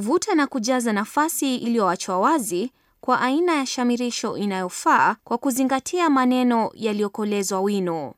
Vuta na kujaza nafasi iliyoachwa wazi kwa aina ya shamirisho inayofaa kwa kuzingatia maneno yaliyokolezwa wino.